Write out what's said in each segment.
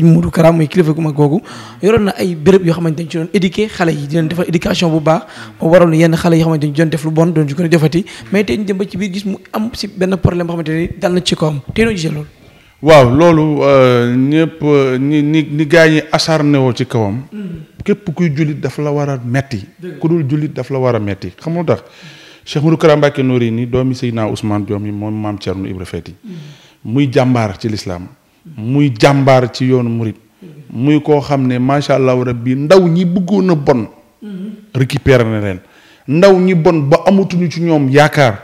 sëñ Modou Kara muy kilifa gu mag googu na ay béréb yoo xamante ni ci doon xale yi di leen defal bu baax ba waral xale yoo xamante ni doon def lu bon doon ci ko defati mais tey ñu dem mu am si benn problème boo xamante ni dal na ci ko am tey noo loolu waaw loolu ñëpp ni ni ni gaa ñi asar newoo ci kawam mm-hmm. képp kuy jullit daf la war a metti ku dul jullit daf la war a metti xam nga tax Cheikh Modou Kara Mbacké Noreyni doomi Seydina Ousmane Diom yi moom maam Thierno Ibra Fati mm-hmm. muy jàmbaar ci lislaam muy jàmbaar ci yoonu murit muy koo xam ne macha allah rabbi ndaw ñi bëggoon a bon récupérer na leen ndaw ñi bon ba amatuñu ci ñoom yaakaar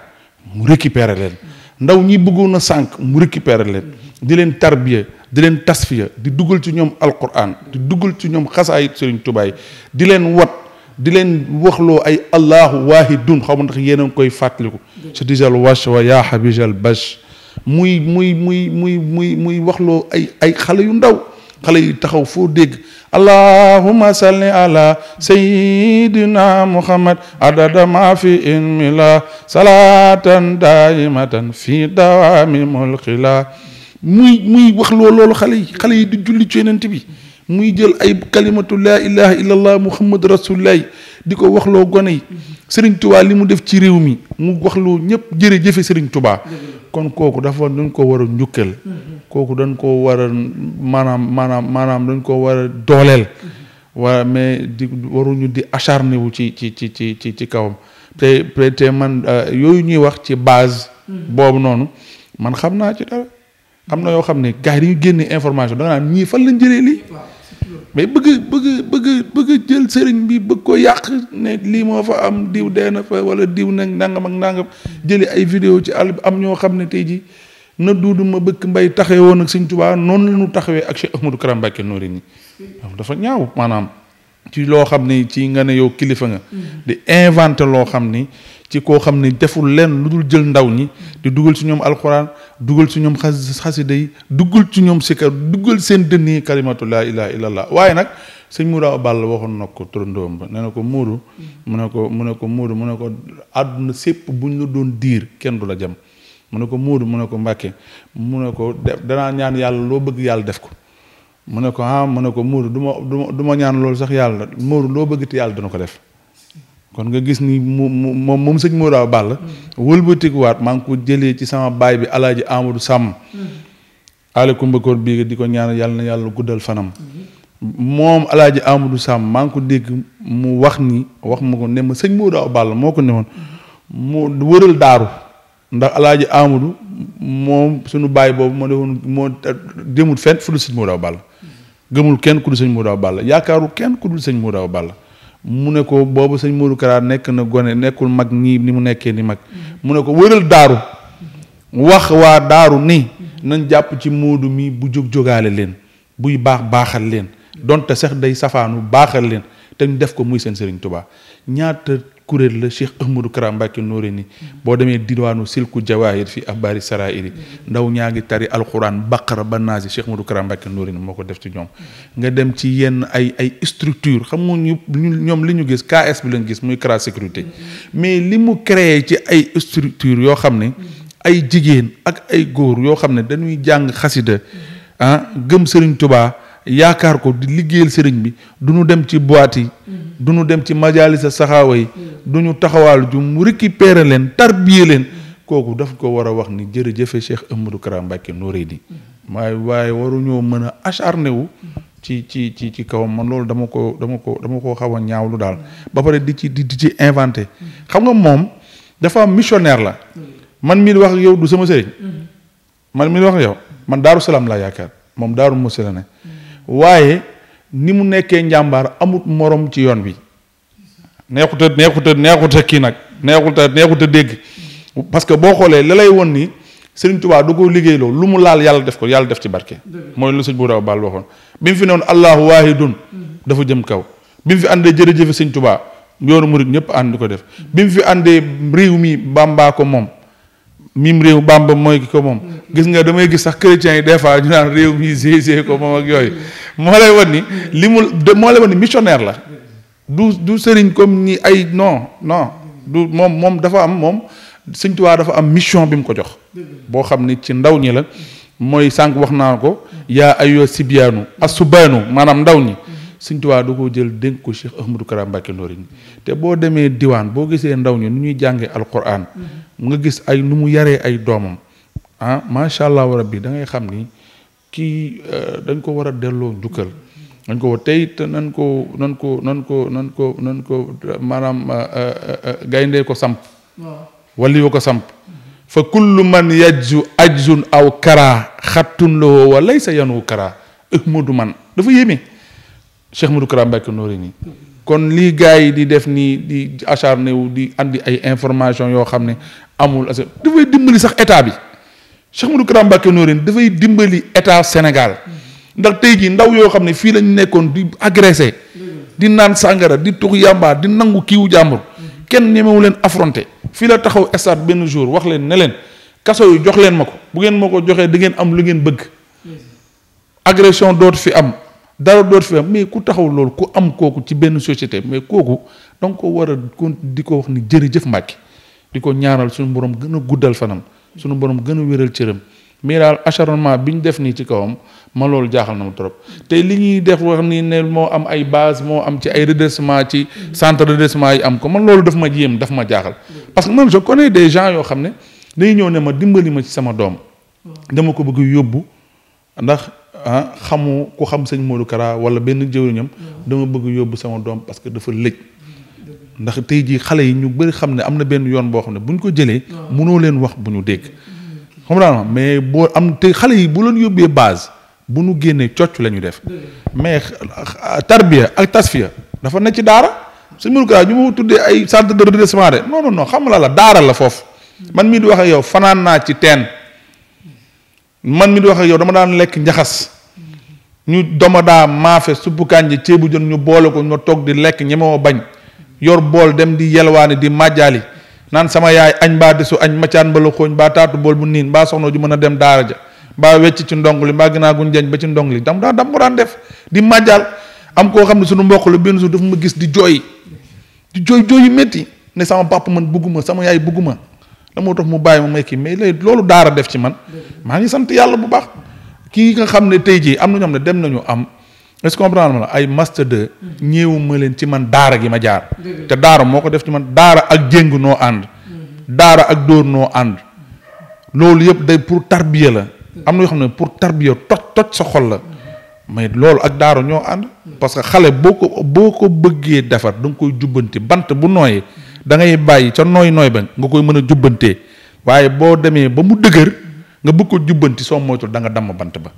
mu récupérer leen ndaw ñi bëggoon a sànq mu récupérer leen di leen tarbiya di leen tasfiya di dugal ci ñoom alquran di dugal ci ñoom xasaayit Sëriñ tubaay di leen wat di leen waxloo ay allahu waahidun xaw ma ndax yéen a ngi koy fàttaliku. sa dijal wash wa yaa habijal bash muy muy muy muy muy muy waxloo ay ay xale yu ndaw xale yu taxaw foo dégg allahuma salli ala sayidina muhammad adada ma fi ilmila salatan daimatan fi dawami mulqila muy muy wax loo loolu xale yi di julli ci yonent bi muy jël ay kalimatu laa ilaha illa muhammad rasulullahi di ko waxloo gone yi sëriñ tubaa li mu def ci réew mi mu waxloo ñëpp jërëjëfe sëriñ tubaa kon kooku dafa dañ ko war a njukkal mm-hmm. kooku dañ ko war a maanaam maanaam maanaam dañ ko war a dooleel mm-hmm. waa mais di waruñu di acharné wu ci ci ci ci ci ci kawam te te man euh, yooyu ñuy wax ci base mm-hmm. boobu noonu man xam naa ci dara am na yoo xam ne gars yi dañu génne information da nga ñii fan lañ jëlee lii mais bëgg bëgg bëgg jël sëriñ bi bëgg ko yàq ne lii moo fa am diw dee na fa wala diw nag nangam ak nangam jëli ay vidéo ci àll bi am ñoo xam ne tey ji na duudu ma bëgg mbay taxawee woon ak sëñ Tuubaa noonu la ñu taxawee ak Cheikh Ahmadou Karam noori Noreyni dafa ñaaw maanaam ci loo xam ne ci nga ne yow kilifa nga. Mm-hmm. di inventé loo xam ni ci koo xam ne deful leen lu dul jël ndaw ñi. di dugal ci ñoom alxuraan dugal si ñoom xas xasida yi dugal ci ñoom sikkar dugal seen dënn yi kalimatu laa ilaaha waaye nag. sëñ Mourou Awa Balla waxoon na ko turandoom ba ne na ko Mourou. mu ne ko mu ne ko Mourou mu ne ko àdduna sépp buñ la doon diir kenn du la jam mu ne ko Mourou mu ne ko Mbàkke mu ne ko danaa ñaan yàlla loo bëgg yàlla def ko. mu ne ko ah mu ne ko Mourou du ma du ma ñaan loolu sax yàlla Mourou loo bëgg te yàlla dana ko def. kon nga gis ni mu mu sëñ Mourou Awa maa ngi ko jëlee ci sama baay bi Alaaji Amadou Sàmm. ale kumbakoor bii di ko ñaan yàlla na yàlla guddal fanam. Mm. moom alaaji Amadou sàmm maa ngi ko dégg mu wax ni wax ma ko ne ma sëñ Modou Awa Balla moo ko ne woon mu wëral daaru ndax alaaji Amadou moom suñu baay boobu moo defoon moo demul fenn fu dul sëñ Modou Awa Balla gëmul kenn ku dul sëñ Modou Awa Balla yaakaaru kenn ku dul sëñ Modou Awa Balla mu ne ko boobu sëñ Modou Kara nekk na gone nekkul mag nii ni mu nekkee ni mag mu ne ko wëral daaru wax waa daaru ni nañ jàpp ci Modou mi bu jóg jógaale leen buy baax baaxal leen donte sax day safaanu baaxal leen te ñu def ko muy seen Serigne Touba ñaata kuréel la Cheikh Ahmadou Kara Mbacké Noreyni boo demee diwaanu silku jawaahir fi ahbaari sarairi ndaw ñaa ngi tari alquran baqara ba naasi Cheikh Ahmadou Kara Mbacké Noreyni moo ko def ci ñoom nga dem ci yenn ay ay structure xam ñu ñoom li ñu gis KS bi lañ gis muy Kara sécurité mais li mu créé ci ay structure yoo xam ne ay jigéen ak ay góor yoo xam ne dañuy jàng xasida ah gëm Serigne Touba yaakaar ko di liggéeyal sëriñ bi du ñu dem ci boîte yi mm-hmm. du ñu dem ci majalisa saxaawa yi mm-hmm. du ñu taxawaal ju mu récupérer leen tarbiye leen mm-hmm. kooku daf ko war a wax ni jërëjëfe Cheikh Ahmadou Kara Mbacké Noreyni maay waaye waruñoo mën a acharné wu ci ci ci ci kawam man loolu dama ko dama ko dama ko xaw a ñaawlu daal ba pare di ci di ci inventé xam nga moom dafa am missionnaire la man miir wax yow du sama sëriñ man mii di wax yow man daaru salaam laa yaakaar moom daaru musi la ne waaye ni mu nekkee njàmbaar amut morom ci yoon bi neexuta neexuta neexuta kii nag neexuta neexuta dégg parce que boo xoolee la lay won nii Sëriñ Tuubaa du ko liggéey loolu lu mu laal yàlla def ko yàlla def ci barke mooy lu sëñ bu raw baal waxoon bi mu fi newoon allahu waahidun dafa jëm kaw bi mu fi àndee jërëjëfe sëñ Tuubaa yoonu murit ñëpp ànd ko def bi mu fi àndee réew mi Bàmbaa ko moom mim réew bamba mooy ki ko moom gis nga damay gis sax chrétiens yi des fois ñu naan réew mi gisee ko moom ak yooyu moo lay wan ni li mu moo lay wan ni missionnaire la du du sëriñ comme ni ay non non du moom moom dafa am moom Sëñ Tuubaa dafa am mission bi mu ko jox boo xam ni ci ndaw ñi la mooy sànq wax naa ko yaa ayo sibiyaanu asubaanu maanaam ndaw ñi Sëñ Tuubaa du koo jël dénk ko Cheikh Ahmadou Kara Mbacké Noreyni te boo demee diwaan boo gisee ndaw ñi nu ñuy jànge jàngee alquran mm-hmm. nga gis ay nu mu yaree ay doomam ah macha allah rabbi da ngay xam ni kii euh, dañ ko war a delloo njukkal nañ ko tey te nan ko nan ko nan ko nan ko nan maanaam euh, euh, gayndee ko samp wali ko samp fa kullu man yajju ajjun aw kara xattun lowoo wa laysa yanu kara ahmadu man dafa yeme Cheikh Modou Kara Mbacké Noreyni kon lii gars yi di def nii di acharné wu di andi ay information yoo xam ne amul as dafay dimbali sax état bi Cheikh Modou Kara dafay dimbali état Sénégal ndax tey jii ndaw yoo xam ne fii lañu nekkoon di agressé di naan sàngara di tux yàmbaa di nangu kiiwu jàmbur kenn ñemewu leen affronté fii la taxaw stade benn jour wax leen ne leen kaso yu jox leen ma ko bu ngeen ma ko joxee di ngeen am lu ngeen bëgg agression dootu fi am dara doot fi am mais ku taxaw loolu ku am kooku ci benn société mais kooku da ko war a di ko wax ni jërëjëf Mbàkke di ko ñaanal suñu borom gën a guddal fanam suñu borom gën a wéral cëram mais daal acharnement bi ñu def nii ci kawam ma loolu jaaxal na ma trop te li ñuy def wax ni ne moo am ay base moo am ci ay redressement ci centre redressement yi am ko man loolu daf ma yéem daf ma jaaxal parce que man je connais des gens yoo xam ne dañuy ñëw ne ma dimbali ma ci sama doom dama ko bëgg yóbbu ndax ah xamu ku xam sañ Modou Kara wala benn jëwriñam mm. dama bëgg yóbbu sama doom parce que dafa lëj ndax tey jii xale yi ñu bëri xam ne am na benn yoon boo xam ne bu ñu ko jëlee munoo mm. leen wax bu ñu dégg xam naa mais boo am te xale yi bu leen base bu ñu génnee cocc la ñu def mm. mais tarbiya ak tasfiya dafa ne ci daara sëñ Modou Kara ñu tuddee ay centre de redressement de non non non la daara la foofu man mii di waxee ak yow fanaan naa ci teen man mi di wax ak yow dama daan lekk njaxas ñu domodaa maafe suppu ji ceebu jën ñu boole ko ñu toog di lekk ñemewo bañ yor bool dem di yelwaani di màjjaali naan sama yaay añ mbaa desu añ macaan mbala xooñ mbaa taatu bool bu niin mbaa soxna ju mën a dem daara ja mbaa wecc ci ndong li mbaa gënaa guñ jañ ba ci ndong li dam daa dam ko def di màjjaal am koo xam ne sunu mboq la benn su dafa ma gis di jooy di jooy jooy yu métti ne sama papa man bugguma sama yaay bugguma la moo tax mu bàyyi ma may kii mais léegi loolu daara def ci man maa ngi sant yàlla bu baax kii nga xam ne tey jii am na xam ne dem nañu am est comprendre la ay master de mm-hmm. ñeewu ma leen ci man daara gi ma jaar te daara moo ko def ci man daara ak jéng noo ànd mm-hmm. daara ak dóor noo ànd loolu yëpp day pour tarbiya la am na yoo xam ne pour tarbiya toj toj sa xol la mais loolu ak daara ñoo ànd mm-hmm. parce que xale boo ko boo ko bëggee defar da nga koy jubbanti bant bu nooyee da ngay bàyyi ca nooy nooy ba nga koy mën a jubbantee waaye boo demee ba mu dëgër nga bëgg ko jubbanti soo moytul danga nga damm bant ba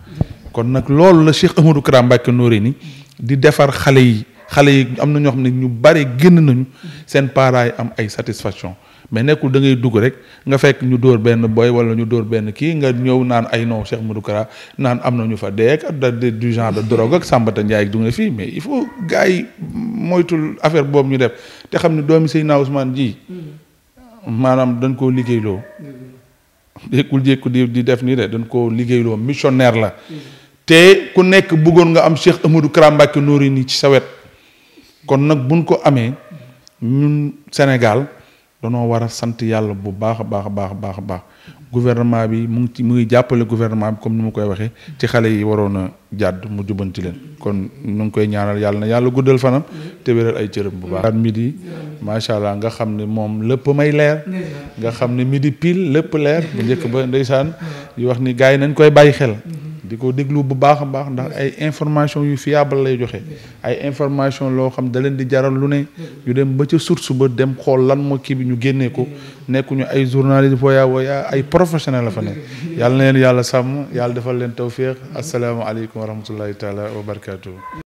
kon nag loolu la Cheikh Ahmadou Kara Mbacké Noreyni di defar xale yi xale yi am na ñoo xam ne ñu bare génn nañu seen parents yi am ay satisfaction mais nekkul da ngay dugg rek nga fekk ñu dóor benn boy wala ñu dóor benn kii nga ñëw naan ay non Cheikh Ahmadou Kara naan am na ñu fa dee ak du de drogue ak Sambata Ndiaye ak du nga fii mais il faut gars moytul affaire boobu ñu def te xam ne doomi Seydina Ousmane ji maanaam dañ koo liggéeyloo jékkul jékku di di def nii de dañ ko liggéeyloo missionnaire la te ku nekk bëggoon nga am Cheikh Amadou Kara Mbacké Noreyni ci sa wet kon nag buñ ko amee ñun Sénégal danoo war a sant yàlla bu baax a baax a baax baax a baax gouvernement bi mu ngi ci mu jàppale gouvernement bi comme ni mu koy waxee ci xale yi waroon a jàdd mu jubanti leen kon ñu ngi koy ñaanal yàlla na yàlla guddal fanam te wéral ay cërëm bu baax. midi macha allah nga xam ne moom lépp may leer nga xam ne midi pile lépp leer bu njëkk ba ndeysaan di wax ni gars yi nañ koy bàyyi xel. di ko déglu bu baax a baax ndax ay information yu fiable lay joxe ay information loo xam da leen di jaral lu ne ñu dem ba ca source ba dem xool lan moo kii bi ñu génnee ko nekkuñu ay journaliste voya voya ay professionnel la fa ne yàlla na leen yàlla sàmm yàlla defal leen tawféex asalaamaaleykum wa rahmatullahi taala wa barakaatu.